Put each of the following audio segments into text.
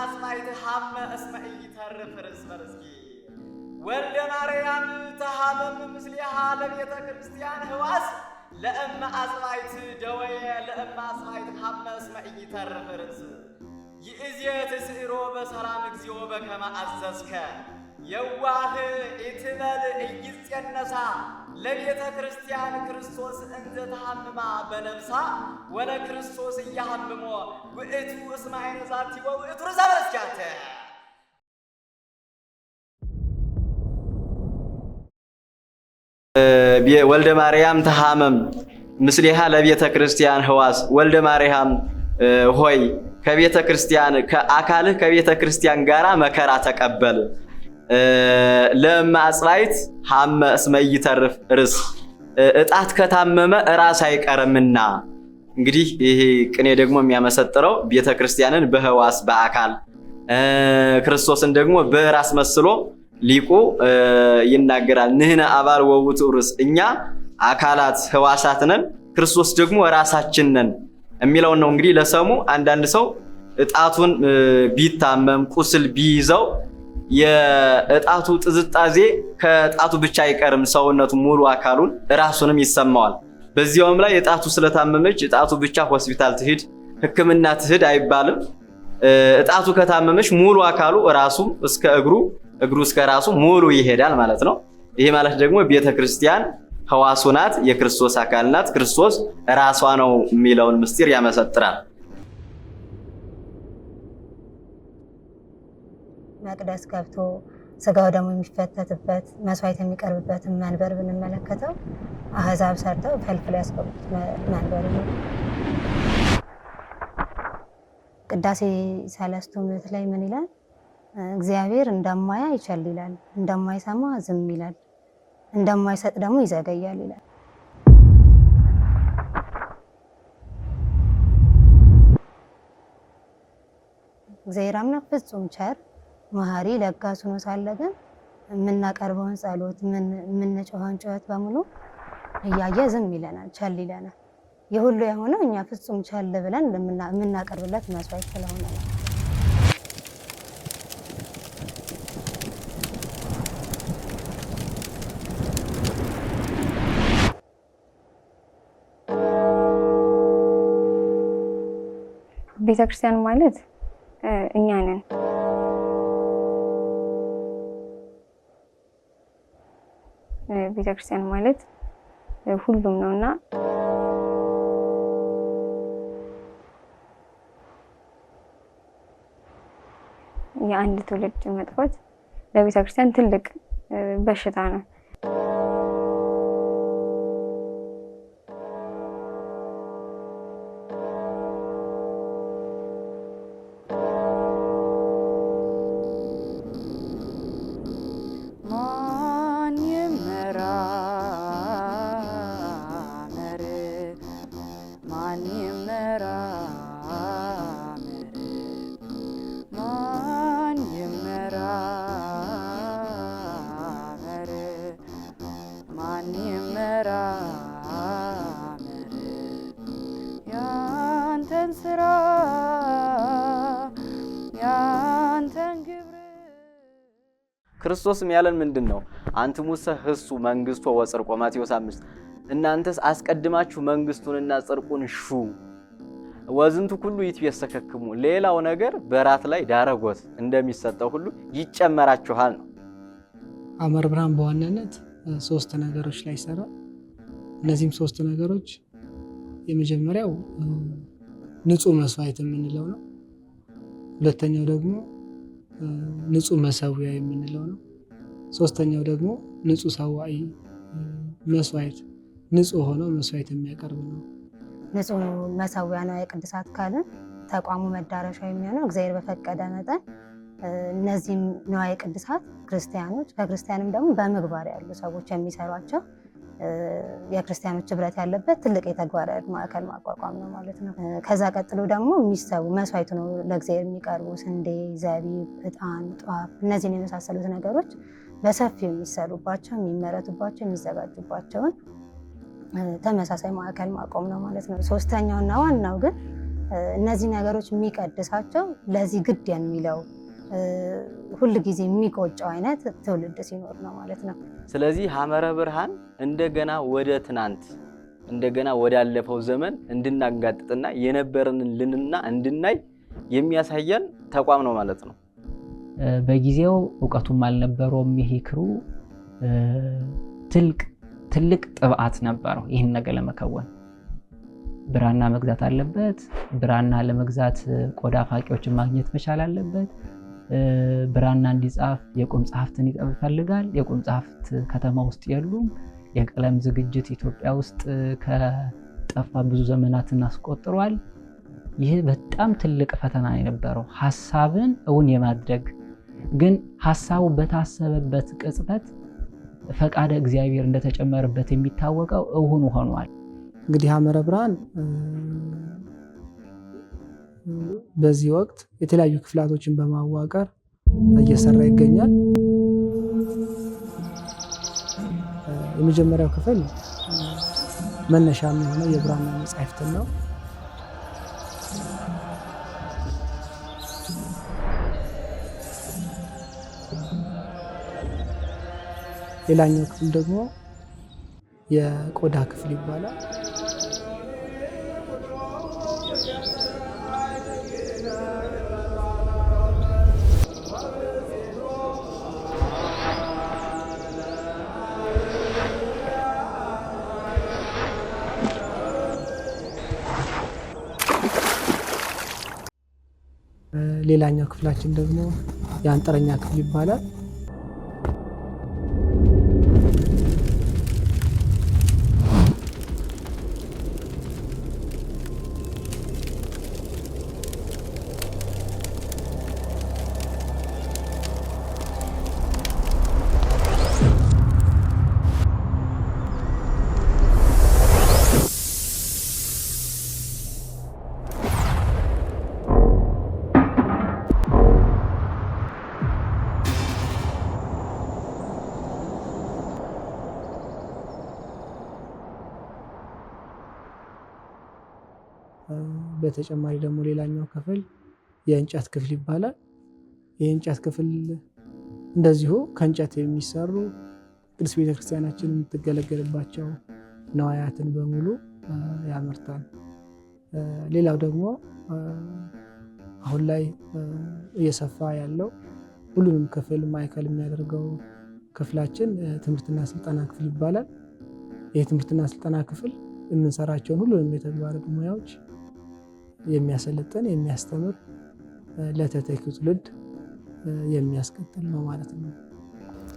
አጽናዕተ ሀመ እስመ ኢተርፍ ርዝመ ርዝቂ ወልደ ማርያም ተሃበም ምስሌሃ ለቤተ ክርስቲያን ህዋስ ለእመ አጽናዕት ደወየ ለእመ አጽናዕት ሀመ እስመ ኢተርፍ ርዝም ይእዜት ስዕሮ በሰላም እግዚኦ በከመ አዘዝከ የዋህ ኢትበል ኢይጼነሳ ለቤተ ክርስቲያን ክርስቶስ እንዘ ተሐምማ በነብሳ ወለ ክርስቶስ እያሐምሞ ውእቱ እስመ ዐይነ ዛቲ ወውእቱ ርእሰ በለስቲያተ። ወልደ ማርያም ተሐመም ምስሌሃ ለቤተ ክርስቲያን ህዋስ ወልደ ማርያም ሆይ ከቤተ ክርስቲያን አካልህ ከቤተ ክርስቲያን ጋራ መከራ ተቀበል ለማ አጽባይት ሐመ እስመ ይተርፍ ርስ እጣት ከታመመ ራስ አይቀርምና። እንግዲህ ይሄ ቅኔ ደግሞ የሚያመሰጥረው ቤተ ክርስቲያንን በህዋስ በአካል ክርስቶስን ደግሞ በራስ መስሎ ሊቁ ይናገራል። ንሕነ አባል ወውቱ ርስ እኛ አካላት ህዋሳት ነን፣ ክርስቶስ ደግሞ ራሳችን ነን የሚለውን ነው። እንግዲህ ለሰሙ አንዳንድ ሰው እጣቱን ቢታመም ቁስል ቢይዘው የእጣቱ ጥዝጣዜ ከእጣቱ ብቻ አይቀርም፣ ሰውነቱ ሙሉ አካሉን ራሱንም ይሰማዋል። በዚያውም ላይ እጣቱ ስለታመመች እጣቱ ብቻ ሆስፒታል ትሂድ ሕክምና ትሂድ አይባልም። እጣቱ ከታመመች ሙሉ አካሉ ራሱ እስከ እግሩ፣ እግሩ እስከ ራሱ ሙሉ ይሄዳል ማለት ነው። ይሄ ማለት ደግሞ ቤተ ክርስቲያን ሕዋሱ ናት፣ የክርስቶስ አካል ናት፣ ክርስቶስ ራሷ ነው የሚለውን ምስጢር ያመሰጥራል። መቅደስ ገብቶ ስጋው ደግሞ የሚፈተትበት መስዋዕት የሚቀርብበትን መንበር ብንመለከተው አህዛብ ሰርተው ፈልፍል ያስገቡት መንበር ነው። ቅዳሴ ሰለስቱ ምዕት ላይ ምን ይላል? እግዚአብሔር እንደማያ ይቸል ይላል፣ እንደማይሰማ ዝም ይላል፣ እንደማይሰጥ ደግሞ ይዘገያል ይላል። እግዚአብሔር አምላክ ፍጹም ቸር መሀሪ ለጋሱ ነው ሳለ ግን የምናቀርበውን ጸሎት የምንጮኸውን ጩኸት በሙሉ እያየ ዝም ይለናል፣ ቸል ይለናል። የሁሉ የሆነው እኛ ፍጹም ቸል ብለን የምናቀርብለት መስዋዕት ስለሆነ ነው። ቤተክርስቲያን ማለት እኛ ነን። ቤተክርስቲያን ማለት ሁሉም ነው እና የአንድ ትውልድ መጥፋት ለቤተክርስቲያን ትልቅ በሽታ ነው። ክርስቶስም ያለን ምንድን ነው? አንትሙሰ ህሱ መንግስቶ ወጽድቆ ማቴዎስ አምስት እናንተስ አስቀድማችሁ መንግስቱንና ጽርቁን ሹ ወዝንቱ ሁሉ ይትቤሰከክሙ ሌላው ነገር በራት ላይ ዳረጎት እንደሚሰጠው ሁሉ ይጨመራችኋል ነው። አመር ብርሃን በዋናነት ሶስት ነገሮች ላይ ይሰራል። እነዚህም ሶስት ነገሮች የመጀመሪያው ንጹህ መስዋዕት የምንለው ነው። ሁለተኛው ደግሞ ንጹህ መሰዊያ የምንለው ነው። ሶስተኛው ደግሞ ንጹህ ሰዋይ መስዋዕት፣ ንጹህ ሆነው መስዋዕት የሚያቀርብ ነው። ንጹህ መሰዊያ ነው የቅዱሳት ካልን ተቋሙ መዳረሻ የሚሆነው እግዚአብሔር በፈቀደ መጠን እነዚህም ነዋይ ቅድሳት ክርስቲያኖች ከክርስቲያንም ደግሞ በምግባር ያሉ ሰዎች የሚሰሯቸው የክርስቲያኖች ህብረት ያለበት ትልቅ የተግባር ማዕከል ማቋቋም ነው ማለት ነው። ከዛ ቀጥሎ ደግሞ የሚሰቡ መስዋዕት ነው ለእግዚአብሔር የሚቀርቡ ስንዴ፣ ዘቢብ፣ እጣን፣ ጧፍ እነዚህን የመሳሰሉት ነገሮች በሰፊው የሚሰሩባቸው የሚመረቱባቸው የሚዘጋጁባቸውን ተመሳሳይ ማዕከል ማቆም ነው ማለት ነው። ሶስተኛውና ዋናው ግን እነዚህ ነገሮች የሚቀድሳቸው ለዚህ ግድ የሚለው ሁል ጊዜ የሚቆጨው አይነት ትውልድ ሲኖር ነው ማለት ነው። ስለዚህ ሐመረ ብርሃን እንደገና ወደ ትናንት እንደገና ወዳለፈው ዘመን እንድናጋጥጥና የነበረንን ልንና እንድናይ የሚያሳየን ተቋም ነው ማለት ነው። በጊዜው እውቀቱም አልነበረውም። ይሄ ክሩ ትልቅ ጥብዓት ነበረው ይህን ነገር ለመከወን ብራና መግዛት አለበት። ብራና ለመግዛት ቆዳ ፋቂዎችን ማግኘት መቻል አለበት። ብራና እንዲጻፍ የቁም ጸሐፍትን ይፈልጋል። የቁም ጸሐፍት ከተማ ውስጥ የሉም። የቀለም ዝግጅት ኢትዮጵያ ውስጥ ከጠፋ ብዙ ዘመናትን አስቆጥሯል። ይህ በጣም ትልቅ ፈተና የነበረው ሀሳብን እውን የማድረግ ግን ሀሳቡ በታሰበበት ቅጽበት ፈቃደ እግዚአብሔር እንደተጨመረበት የሚታወቀው እውን ሆኗል። እንግዲህ ሐመረ ብርሃን በዚህ ወቅት የተለያዩ ክፍላቶችን በማዋቀር እየሰራ ይገኛል። የመጀመሪያው ክፍል መነሻ የሚሆነው የብራና መጽሐፍትን ነው። ሌላኛው ክፍል ደግሞ የቆዳ ክፍል ይባላል። ሌላኛው ክፍላችን ደግሞ የአንጥረኛ ክፍል ይባላል። በተጨማሪ ደግሞ ሌላኛው ክፍል የእንጨት ክፍል ይባላል። የእንጨት ክፍል እንደዚሁ ከእንጨት የሚሰሩ ቅድስት ቤተክርስቲያናችን የምትገለገልባቸው ነዋያትን በሙሉ ያመርታል። ሌላው ደግሞ አሁን ላይ እየሰፋ ያለው ሁሉንም ክፍል ማዕከል የሚያደርገው ክፍላችን ትምህርትና ስልጠና ክፍል ይባላል። ይህ ትምህርትና ስልጠና ክፍል የምንሰራቸውን ሁሉንም የተግባር ሙያዎች የሚያሰለጥን የሚያስተምር ለተተኪው ትውልድ የሚያስቀጥል ነው ማለት ነው።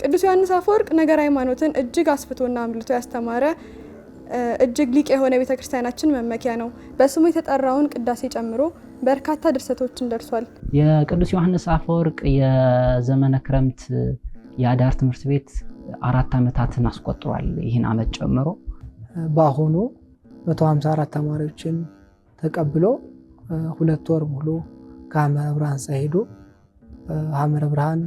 ቅዱስ ዮሐንስ አፈወርቅ ነገር ሃይማኖትን እጅግ አስፍቶና አምልቶ ያስተማረ እጅግ ሊቅ የሆነ ቤተ ክርስቲያናችን መመኪያ ነው። በስሙ የተጠራውን ቅዳሴ ጨምሮ በርካታ ድርሰቶችን ደርሷል። የቅዱስ ዮሐንስ አፈወርቅ የዘመነ ክረምት የአዳር ትምህርት ቤት አራት ዓመታትን አስቆጥሯል። ይህን ዓመት ጨምሮ በአሁኑ 154 ተማሪዎችን ተቀብሎ ሁለት ወር ሙሉ ከሐመረ ብርሃን ሳይሄዱ ሐመረ ብርሃን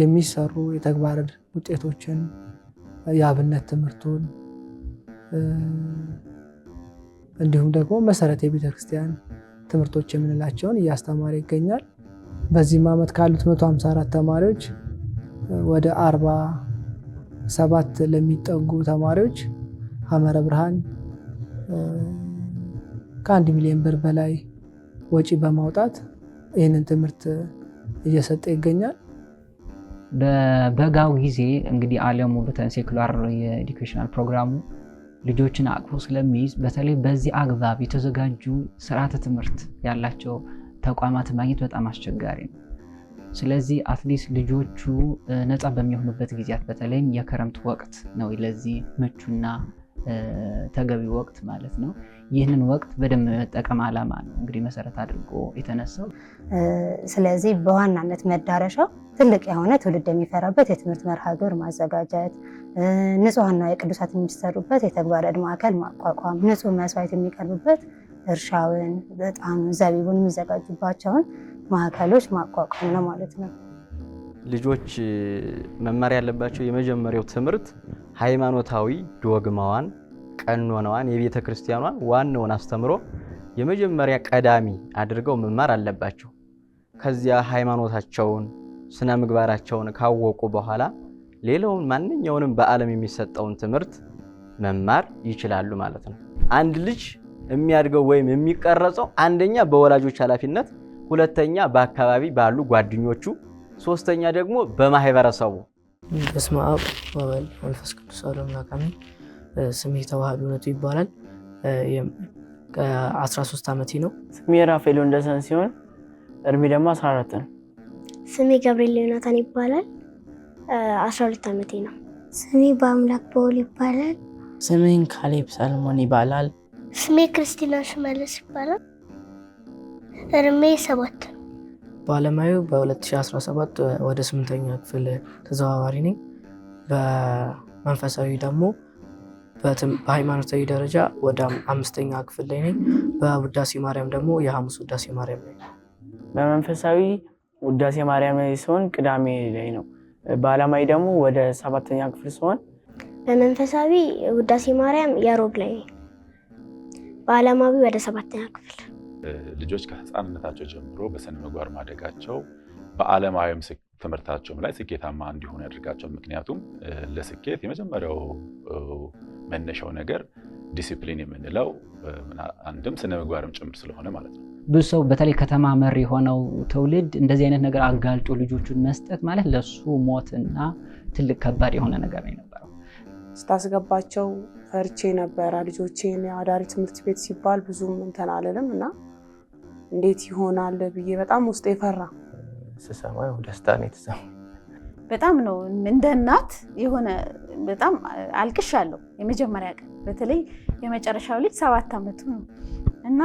የሚሰሩ የተግባር ውጤቶችን የአብነት ትምህርቱን እንዲሁም ደግሞ መሰረት የቤተክርስቲያን ትምህርቶች የምንላቸውን እያስተማረ ይገኛል። በዚህም ዓመት ካሉት 154 ተማሪዎች ወደ 47 ለሚጠጉ ተማሪዎች ሐመረ ብርሃን ከአንድ ሚሊዮን ብር በላይ ወጪ በማውጣት ይህንን ትምህርት እየሰጠ ይገኛል። በበጋው ጊዜ እንግዲህ ዓለሙ ሴኩላር የኤዱኬሽናል ፕሮግራሙ ልጆችን አቅፎ ስለሚይዝ በተለይ በዚህ አግባብ የተዘጋጁ ስርዓተ ትምህርት ያላቸው ተቋማት ማግኘት በጣም አስቸጋሪ ነው። ስለዚህ አትሊስት ልጆቹ ነፃ በሚሆኑበት ጊዜያት በተለይም የክረምት ወቅት ነው ለዚህ ምቹና ተገቢ ወቅት ማለት ነው። ይህንን ወቅት በደንብ መጠቀም ዓላማ ነው እንግዲህ መሰረት አድርጎ የተነሳው። ስለዚህ በዋናነት መዳረሻው ትልቅ የሆነ ትውልድ የሚፈራበት የትምህርት መርሃ ግብር ማዘጋጀት፣ ንጹህና የቅዱሳት የሚሰሩበት የተግባር ዕድ ማዕከል ማቋቋም፣ ንጹህ መስዋዕት የሚቀርቡበት እርሻውን፣ በጣም ዘቢቡን የሚዘጋጁባቸውን ማዕከሎች ማቋቋም ነው ማለት ነው። ልጆች መማር ያለባቸው የመጀመሪያው ትምህርት ሃይማኖታዊ ዶግማዋን ቀኖናዋን የቤተ ክርስቲያኗን ዋናውን አስተምሮ የመጀመሪያ ቀዳሚ አድርገው መማር አለባቸው። ከዚያ ሃይማኖታቸውን ስነ ምግባራቸውን ካወቁ በኋላ ሌላውን ማንኛውንም በዓለም የሚሰጠውን ትምህርት መማር ይችላሉ ማለት ነው። አንድ ልጅ የሚያድገው ወይም የሚቀረጸው አንደኛ በወላጆች ኃላፊነት፣ ሁለተኛ በአካባቢ ባሉ ጓደኞቹ፣ ሶስተኛ ደግሞ በማህበረሰቡ። በስመ አብ ወወልድ ወመንፈስ ቅዱስ አሐዱ አምላክ አሜን። ስሜ ተዋህዶ እውነቱ ይባላል። ከ13 ዓመቴ ነው። ስሜ ራፋኤል ወንደሰን ሲሆን እድሜ ደግሞ 14 ነው። ስሜ ገብርኤል ዮናታን ይባላል። 12 ዓመቴ ነው። ስሜ በአምላክ በውል ይባላል። ስሜን ካሌብ ሰልሞን ይባላል። ስሜ ክርስቲና ሽመለስ ይባላል። እድሜ ሰባት ነው። በ2017 ወደ ስምንተኛ ክፍል ተዘዋዋሪ ነኝ። በመንፈሳዊ ደግሞ በሃይማኖታዊ ደረጃ ወደ አምስተኛ ክፍል ላይ ነኝ። በውዳሴ ማርያም ደግሞ የሐሙስ ውዳሴ ማርያም ላይ በመንፈሳዊ ውዳሴ ማርያም ላይ ሲሆን ቅዳሜ ላይ ነው። በዓላማዊ ደግሞ ወደ ሰባተኛ ክፍል ሲሆን በመንፈሳዊ ውዳሴ ማርያም የሮብ ላይ ነኝ። በዓላማዊ ወደ ሰባተኛ ክፍል ልጆች ከህፃንነታቸው ጀምሮ በስነ ምግባር ማደጋቸው በዓለማዊ ምስክ ትምህርታቸውም ላይ ስኬታማ እንዲሆኑ ያደርጋቸው። ምክንያቱም ለስኬት የመጀመሪያው መነሻው ነገር ዲሲፕሊን የምንለው አንድም ስነ ምግባርም ጭምር ስለሆነ ማለት ነው። ብዙ ሰው በተለይ ከተማ መር የሆነው ትውልድ እንደዚህ አይነት ነገር አጋልጦ ልጆቹን መስጠት ማለት ለሱ ሞትና ትልቅ ከባድ የሆነ ነገር ነው የነበረው። ስታስገባቸው ፈርቼ ነበረ ልጆቼን አዳሪ ትምህርት ቤት ሲባል ብዙም እንትን አልልም እና እንዴት ይሆናል ብዬ በጣም ውስጥ የፈራ ስሰማ ደስታ ነው የተሰማ። በጣም ነው እንደ እናት የሆነ በጣም አልቅሻለሁ። የመጀመሪያ ቀን በተለይ የመጨረሻው ልጅ ሰባት ዓመቱ ነው እና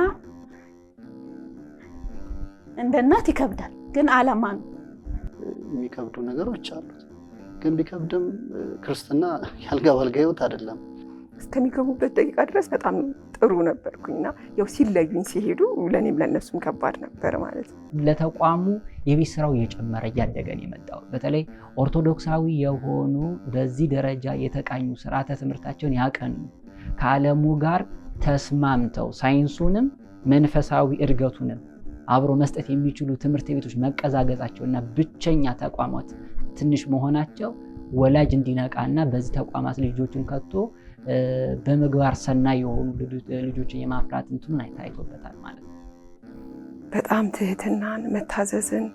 እንደ እናት ይከብዳል፣ ግን አላማ ነው። የሚከብዱ ነገሮች አሉት፣ ግን ቢከብድም ክርስትና ያልጋ ባልጋ ህይወት አይደለም። እስከሚገቡበት ደቂቃ ድረስ በጣም ጥሩ ነበርኩኝና ያው ሲለዩኝ ሲሄዱ ለእኔም ለእነሱም ከባድ ነበር ማለት ነው። ለተቋሙ የቤት ስራው እየጨመረ እያደገን የመጣው። በተለይ ኦርቶዶክሳዊ የሆኑ በዚህ ደረጃ የተቃኙ ስርዓተ ትምህርታቸውን ያቀኑ ከዓለሙ ጋር ተስማምተው ሳይንሱንም መንፈሳዊ እድገቱንም አብሮ መስጠት የሚችሉ ትምህርት ቤቶች መቀዛገዛቸውእና ብቸኛ ተቋማት ትንሽ መሆናቸው ወላጅ እንዲነቃና በዚህ ተቋማት ልጆቹን ከቶ በምግባር ሰናይ የሆኑ ልጆችን የማፍራት እንትኑን አይታይቶበታል ማለት ነው። በጣም ትህትናን፣ መታዘዝን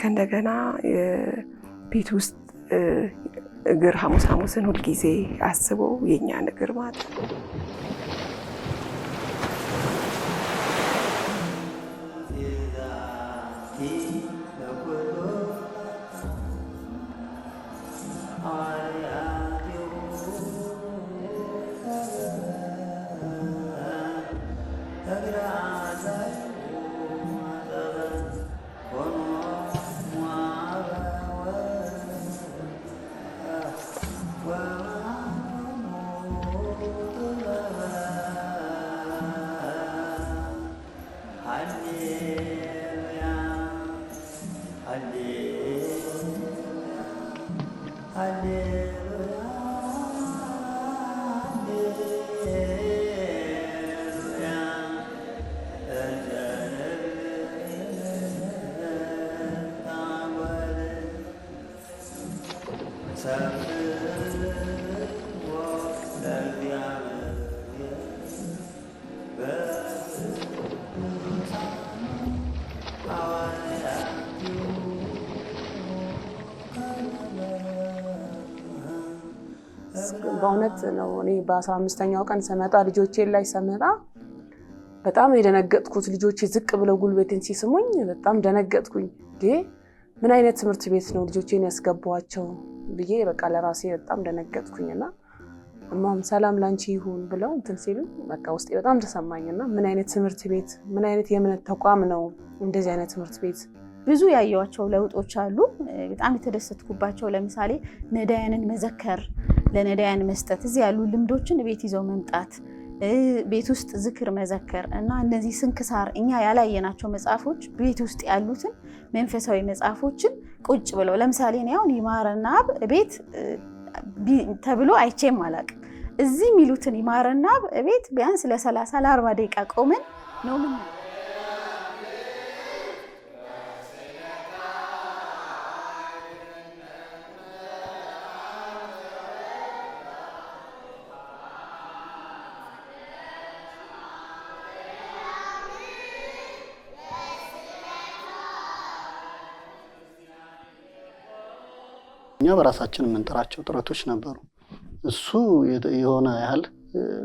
ከእንደገና ቤት ውስጥ እግር ሐሙስ ሐሙስን ሁልጊዜ አስቦ የእኛን እግር ማለት ነው በእውነት ነው። እኔ በአስራ አምስተኛው ቀን ስመጣ ልጆቼን ላይ ስመጣ በጣም የደነገጥኩት ልጆቼ ዝቅ ብለው ጉልበቴን ሲስሙኝ በጣም ደነገጥኩኝ። ምን አይነት ትምህርት ቤት ነው ልጆቼን ያስገቧቸው ብዬ በቃ ለራሴ በጣም እና እማም ሰላም ላንቺ ይሁን ብለው እንትን ሲሉ በቃ ውስጤ በጣም እና ምን አይነት ትምህርት ቤት ምን አይነት የእምነት ተቋም ነው እንደዚህ አይነት ትምህርት ቤት። ብዙ ያየዋቸው ለውጦች አሉ። በጣም የተደሰትኩባቸው ለምሳሌ ነዳያንን መዘከር ለነዳያን መስጠት፣ እዚህ ያሉ ልምዶችን ቤት ይዘው መምጣት፣ ቤት ውስጥ ዝክር መዘከር እና እነዚህ ስንክሳር እኛ ያላየናቸው መጽሐፎች ቤት ውስጥ ያሉትን መንፈሳዊ መጽሐፎችን ቁጭ ብለው ለምሳሌ እኔ አሁን ይማረና አብ ቤት ተብሎ አይቼም አላውቅም። እዚህ የሚሉትን ይማረና አብ ቤት ቢያንስ ለሰላሳ ለአርባ ደቂቃ ቆመን ነው በራሳችን የምንጠራቸው ጥረቶች ነበሩ። እሱ የሆነ ያህል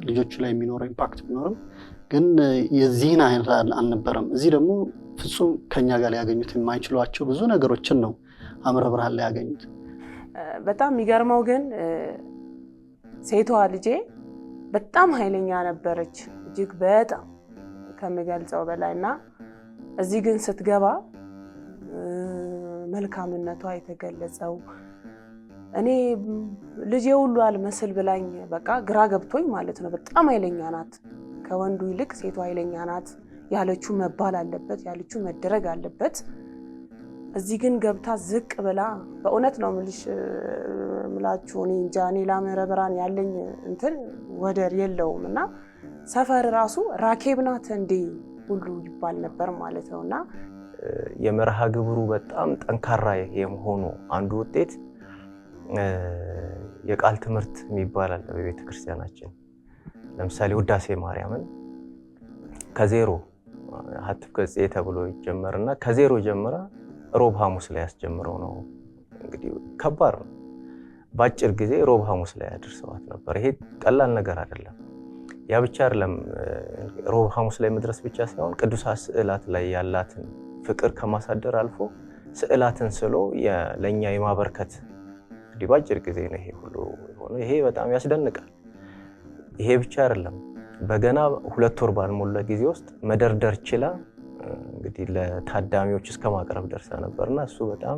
ልጆቹ ላይ የሚኖረው ኢምፓክት ቢኖርም ግን የዚህን አይነት አልነበረም። እዚህ ደግሞ ፍጹም ከኛ ጋር ሊያገኙት የማይችሏቸው ብዙ ነገሮችን ነው አምረ ብርሃን ላይ ያገኙት። በጣም የሚገርመው ግን ሴቷ ልጄ በጣም ኃይለኛ ነበረች፣ እጅግ በጣም ከምገልጸው በላይ እና እዚህ ግን ስትገባ መልካምነቷ የተገለጸው እኔ ልጄ ሁሉ አልመስል ብላኝ በቃ ግራ ገብቶኝ ማለት ነው። በጣም ኃይለኛ ናት፣ ከወንዱ ይልቅ ሴቱ ኃይለኛ ናት። ያለችው መባል አለበት፣ ያለችው መደረግ አለበት። እዚህ ግን ገብታ ዝቅ ብላ በእውነት ነው ምልሽ ምላችሁ እኔ እንጃ እኔ ላመረ ያለኝ እንትን ወደር የለውም እና ሰፈር ራሱ ራኬብ ናት እንዴ ሁሉ ይባል ነበር ማለት ነው እና የመርሃ ግብሩ በጣም ጠንካራ የመሆኑ አንዱ ውጤት የቃል ትምህርት የሚባል አለ በቤተ ክርስቲያናችን። ለምሳሌ ውዳሴ ማርያምን ከዜሮ ሀትፍ ገጽ ተብሎ እና ከዜሮ ጀምራ ሮብ ሐሙስ ላይ ያስጀምረው ነው። እንግዲህ ከባድ ነው። በአጭር ጊዜ ሮብ ሐሙስ ላይ ያደርሰዋት ነበር። ይሄ ቀላል ነገር አይደለም። ያ ብቻ አይደለም። ሮብ ሐሙስ ላይ መድረስ ብቻ ሳይሆን ቅዱሳት ስዕላት ላይ ያላትን ፍቅር ከማሳደር አልፎ ስዕላትን ስሎ ለእኛ የማበርከት እንግዲህ በአጭር ጊዜ ነው ይሄ ሁሉ የሆነ። ይሄ በጣም ያስደንቃል። ይሄ ብቻ አይደለም። በገና ሁለት ወር ባልሞላ ጊዜ ውስጥ መደርደር ችላ እንግዲህ ለታዳሚዎች እስከ ማቅረብ ደርሳ ነበርና እሱ በጣም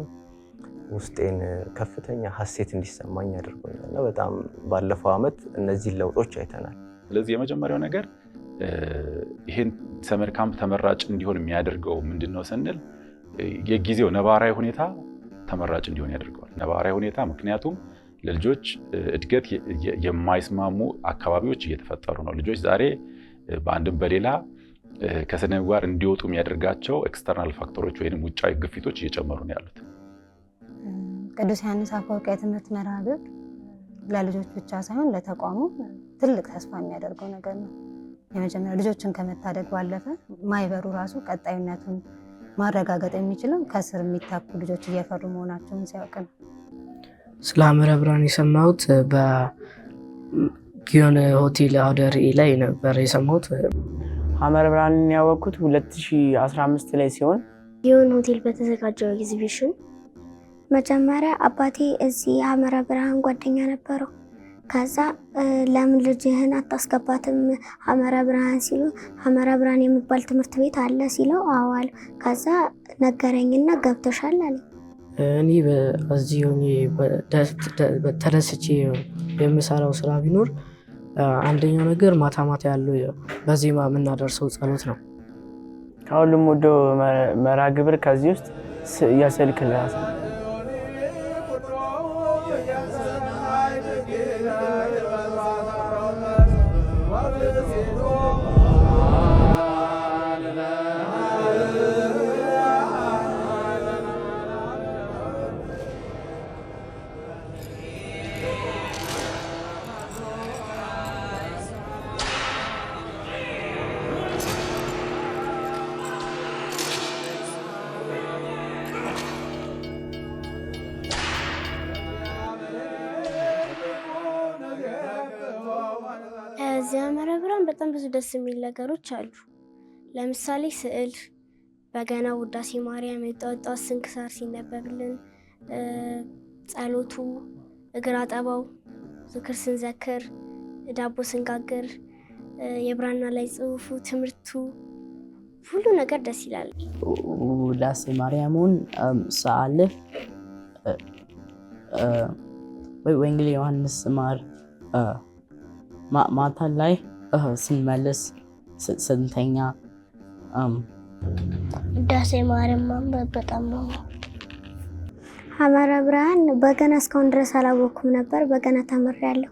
ውስጤን ከፍተኛ ሀሴት እንዲሰማኝ አድርጎኛል። እና በጣም ባለፈው ዓመት እነዚህን ለውጦች አይተናል። ስለዚህ የመጀመሪያው ነገር ይህን ሰመር ካምፕ ተመራጭ እንዲሆን የሚያደርገው ምንድን ነው ስንል የጊዜው ነባራዊ ሁኔታ ተመራጭ እንዲሆን ያደርገዋል። ነባራዊ ሁኔታ ምክንያቱም ለልጆች እድገት የማይስማሙ አካባቢዎች እየተፈጠሩ ነው። ልጆች ዛሬ በአንድም በሌላ ከስነ ምግባር እንዲወጡ የሚያደርጋቸው ኤክስተርናል ፋክተሮች ወይም ውጫዊ ግፊቶች እየጨመሩ ነው ያሉት። ቅዱስ ዮሐንስ አፈወርቅ የትምህርት መርሃ ግብር ለልጆች ብቻ ሳይሆን ለተቋሙ ትልቅ ተስፋ የሚያደርገው ነገር ነው። የመጀመሪያ ልጆችን ከመታደግ ባለፈ ማይበሩ ራሱ ቀጣይነቱን ማረጋገጥ የሚችለው ከስር የሚታኩ ልጆች እየፈሩ መሆናቸውን ሲያውቅ ነው። ስለ ሐመረ ብርሃን የሰማሁት በጊዮን ሆቴል አውደ ርዕይ ላይ ነበር የሰማሁት። ሐመረ ብርሃንን ያወቅኩት 2015 ላይ ሲሆን ጊዮን ሆቴል በተዘጋጀው ኤግዚቢሽን መጀመሪያ አባቴ እዚህ ሐመረ ብርሃን ጓደኛ ነበረው። ከዛ ለምን ልጅህን አታስገባትም ሐመረ ብርሃን ሲሉ ሐመረ ብርሃን የሚባል ትምህርት ቤት አለ ሲለው አዋል ከዛ ነገረኝና ገብተሻል አለ። እኔ በዚህ ተደስቼ የምሰራው ስራ ቢኖር አንደኛው ነገር ማታ ማታ ያለው በዜማ የምናደርሰው ጸሎት ነው። ከሁሉም ወደ መራ ግብር ከዚህ ውስጥ የስልክ ደስ የሚል ነገሮች አሉ። ለምሳሌ ስዕል፣ በገና፣ ውዳሴ ማርያም፣ የጧጧት ስንክሳር ሲነበብልን፣ ጸሎቱ፣ እግር አጠባው፣ ዝክር ስንዘክር፣ ዳቦ ስንጋግር፣ የብራና ላይ ጽሁፉ፣ ትምህርቱ፣ ሁሉ ነገር ደስ ይላል። ውዳሴ ማርያሙን ሳአልፍ ወንጌል ዮሐንስ ማር ማታ ላይ ስንመልስ ስንተኛ ዳሴ ማርያም ማንበብ በጣም ነው። ብርሃን በገና እስካሁን ድረስ አላወኩም ነበር። በገና ተምሬያለሁ፣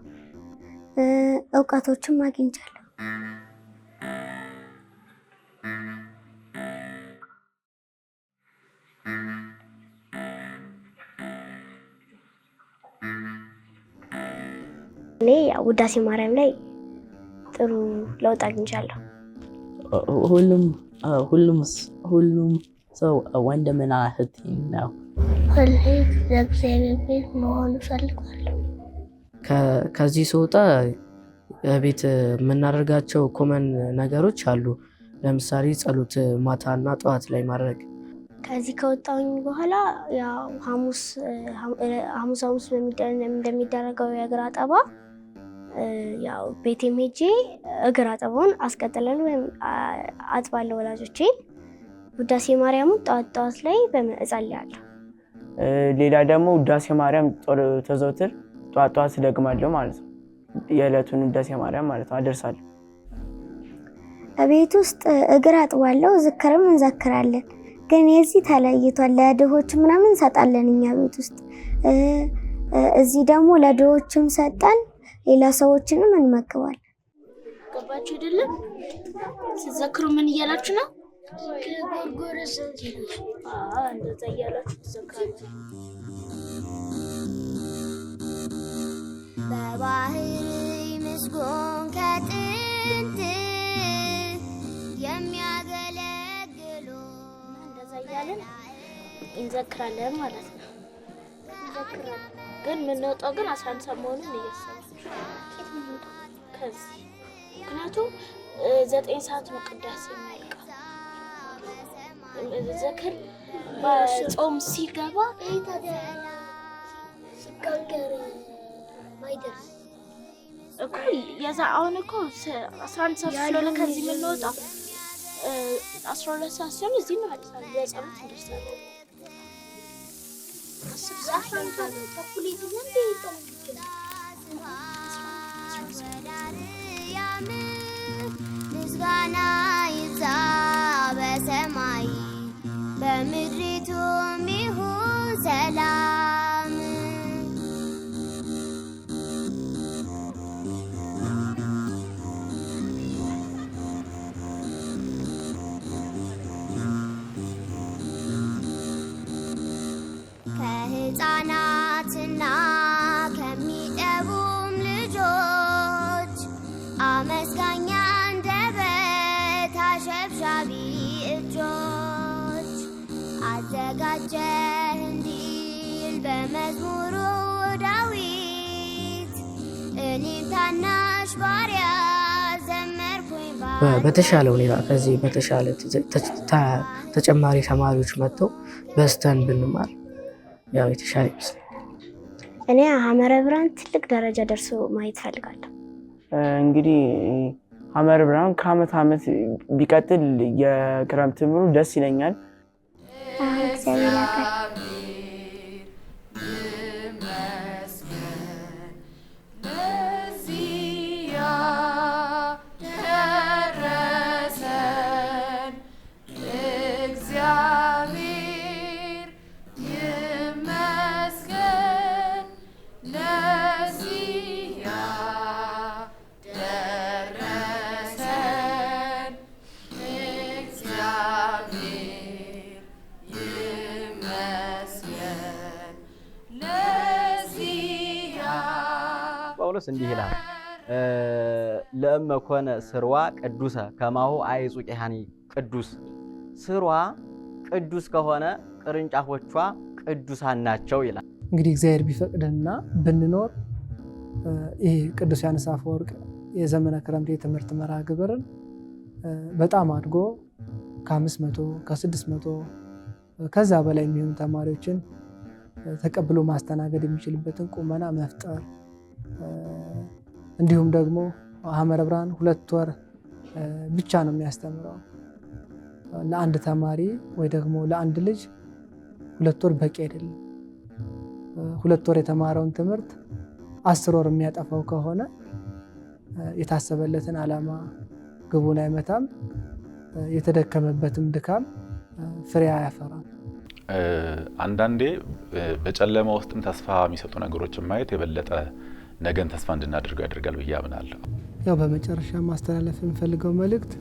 እውቀቶችም አግኝቻለሁ። እኔ ውዳሴ ማርያም ላይ ጥሩ ለውጥ አግኝቻለሁ። ሁሉም ሁሉም ሁሉም ሰው ወንድምና እህት ነው። ሁሌ ለእግዚአብሔር ቤት መሆን እፈልጋለሁ። ከዚህ ስወጣ ቤት የምናደርጋቸው ኮመን ነገሮች አሉ። ለምሳሌ ጸሎት ማታና ጠዋት ላይ ማድረግ። ከዚህ ከወጣሁኝ በኋላ ሐሙስ ሐሙስ በሚደረገው የእግር አጠባ ያው ቤቴም ሄጄ እግር አጠቦን አስቀጥለን ወይም አጥባለሁ ወላጆቼን። ውዳሴ ማርያሙን ጠዋት ጠዋት ላይ እጸልያለሁ። ሌላ ደግሞ ውዳሴ ማርያም ተዘውትር ጠዋት ጠዋት ደግማለሁ ማለት ነው። የዕለቱን ውዳሴ ማርያም ማለት ነው አደርሳለሁ። ቤት ውስጥ እግር አጥባለሁ፣ ዝክርም እንዘክራለን። ግን የዚህ ተለይቷል። ለድሆች ምናምን እንሰጣለን እኛ ቤት ውስጥ እዚህ ደግሞ ለድሆችም ሰጠን ሌላ ሰዎችንም እንመግባለን። ገባችሁ አይደለም? ስትዘክሩ ምን እያላችሁ ነው? ከጎርጎርዮስ እንደዛ እያላችሁ በባህር ከጥንት የሚያገለግሉ እንደዛ እያለን እንዘክራለን ማለት ነው። ግን የምንወጣው ግን አስራ አንድ ሰዓት መሆኑን እያሰባችሁ ከዚህ ምክንያቱም ዘጠኝ ሰዓት ነው ቅዳሴ የማይቀር ዘክር በጾም ሲገባ ሲጋገር ማይደርስ እኮ የዛ አሁን እኮ አስራ አንድ ሰዓት ስለሆነ ከዚህ የምንወጣው አስራ ሁለት ሰዓት ሲሆን እዚህ እንመጣለን። የጸሎት እንደርሳለን። ምስጋና ይዛ በሰማይ በምድሪቱም ይሁን ሰላም በተሻለ ሁኔታ ከዚህ በተሻለ ተጨማሪ ተማሪዎች መጥተው በስተን ብንማር ያው የተሻለ ይመስላል። እኔ ሐመረ ብርሃን ትልቅ ደረጃ ደርሶ ማየት ፈልጋለሁ። እንግዲህ ሐመረ ብርሃን ከአመት ዓመት ቢቀጥል የክረምት ትምህርቱ ደስ ይለኛል። ወኮነ ስርዋ ቅዱሰ ከማሁ አይጹቅ ያኒ ቅዱስ ስሯ ቅዱስ ከሆነ ቅርንጫፎቿ ቅዱሳን ናቸው ይላል። እንግዲህ እግዚአብሔር ቢፈቅድና ብንኖር ይህ ቅዱስ ዮሐንስ አፈወርቅ የዘመነ ክረምት የትምህርት መርሃ ግብርን በጣም አድጎ ከአምስት መቶ ከስድስት መቶ ከዛ በላይ የሚሆኑ ተማሪዎችን ተቀብሎ ማስተናገድ የሚችልበትን ቁመና መፍጠር እንዲሁም ደግሞ ሐመረ ብርሃን ሁለት ወር ብቻ ነው የሚያስተምረው። ለአንድ ተማሪ ወይ ደግሞ ለአንድ ልጅ ሁለት ወር በቂ አይደለም። ሁለት ወር የተማረውን ትምህርት አስር ወር የሚያጠፋው ከሆነ የታሰበለትን ዓላማ ግቡን አይመታም። የተደከመበትም ድካም ፍሬ አያፈራም። አንዳንዴ በጨለማ ውስጥም ተስፋ የሚሰጡ ነገሮችን ማየት የበለጠ ነገን ተስፋ እንድናደርገው ያደርጋል ብዬ አምናለሁ። ያው በመጨረሻ ማስተላለፍ የምፈልገው መልእክት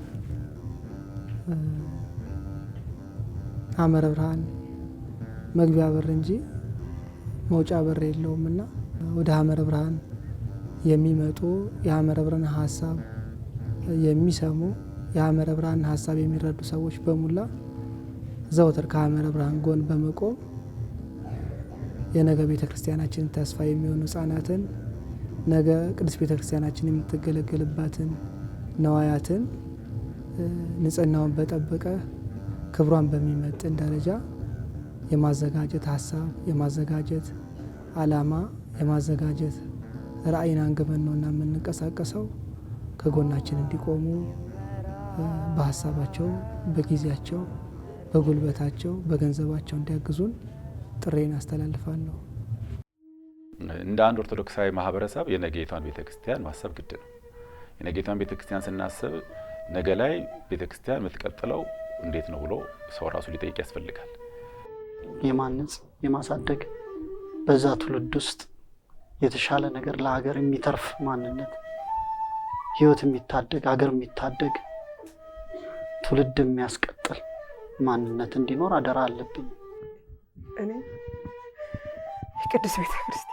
አመረ ብርሃን መግቢያ በር እንጂ መውጫ በር የለውም እና ወደ ሀመረ ብርሃን የሚመጡ የሐመረ ብርሃን ሀሳብ የሚሰሙ የሀመረ ብርሃን ሀሳብ የሚረዱ ሰዎች በሙላ ዘውትር ከሀመረ ብርሃን ጎን በመቆም የነገ ቤተ ተስፋ የሚሆኑ ህጻናትን ነገ ቅዱስ ቤተ ክርስቲያናችን የምትገለገልባትን ነዋያትን ንጽህናውን በጠበቀ ክብሯን በሚመጥን ደረጃ የማዘጋጀት ሀሳብ የማዘጋጀት አላማ የማዘጋጀት ራዕይን አንግበን እና የምንንቀሳቀሰው። ከጎናችን እንዲቆሙ በሀሳባቸው፣ በጊዜያቸው፣ በጉልበታቸው፣ በገንዘባቸው እንዲያግዙን ጥሬን አስተላልፋለሁ። እንደ አንድ ኦርቶዶክሳዊ ማህበረሰብ የነጌቷን ቤተክርስቲያን ማሰብ ግድ ነው። የነጌቷን ቤተክርስቲያን ስናስብ ነገ ላይ ቤተክርስቲያን የምትቀጥለው እንዴት ነው ብሎ ሰው ራሱ ሊጠይቅ ያስፈልጋል። የማነጽ የማሳደግ በዛ ትውልድ ውስጥ የተሻለ ነገር ለሀገር የሚተርፍ ማንነት፣ ህይወት የሚታደግ ሀገር የሚታደግ ትውልድ የሚያስቀጥል ማንነት እንዲኖር አደራ አለብኝ እኔ የቅዱስ ቤተክርስቲያን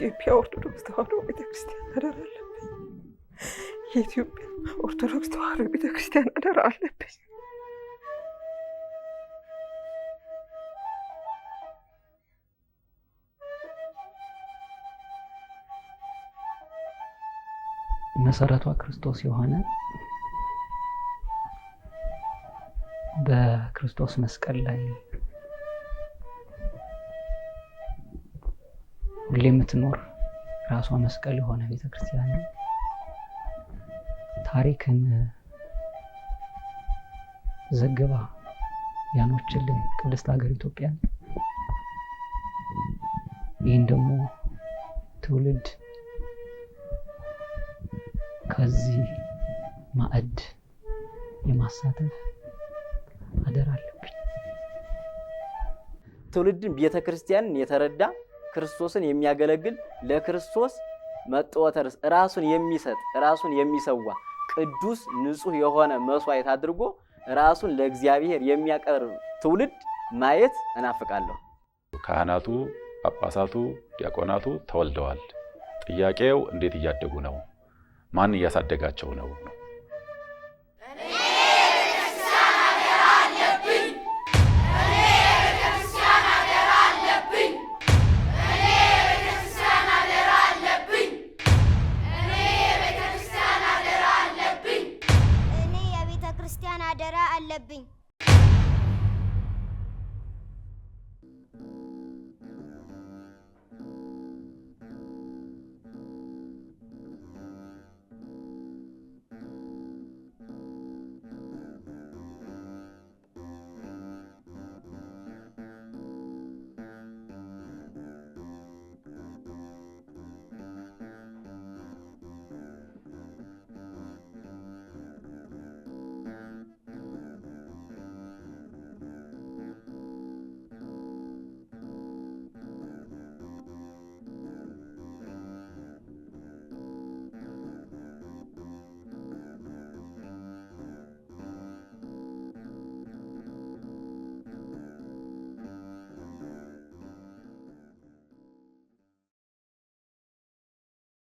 የኢትዮጵያ ኦርቶዶክስ ተዋሕዶ ቤተክርስቲያን አደራ አለብኝ። የኢትዮጵያ ኦርቶዶክስ ተዋሕዶ ቤተክርስቲያን አደራ አለብኝ። መሰረቷ ክርስቶስ የሆነ በክርስቶስ መስቀል ላይ ሁሌ የምትኖር ራሷ መስቀል የሆነ ቤተክርስቲያን ታሪክን ዘግባ ያኖችልን ቅድስት ሀገር ኢትዮጵያ። ይህን ደግሞ ትውልድ ከዚህ ማዕድ የማሳተፍ አደራ አለብኝ። ትውልድን ቤተክርስቲያንን የተረዳ ክርስቶስን የሚያገለግል ለክርስቶስ ርስ ራሱን የሚሰጥ ራሱን የሚሰዋ ቅዱስ ንጹህ የሆነ መስዋዕት አድርጎ ራሱን ለእግዚአብሔር የሚያቀርብ ትውልድ ማየት እናፍቃለሁ። ካህናቱ፣ ጳጳሳቱ፣ ዲያቆናቱ ተወልደዋል። ጥያቄው እንዴት እያደጉ ነው? ማን እያሳደጋቸው ነው? አደራ አለብኝ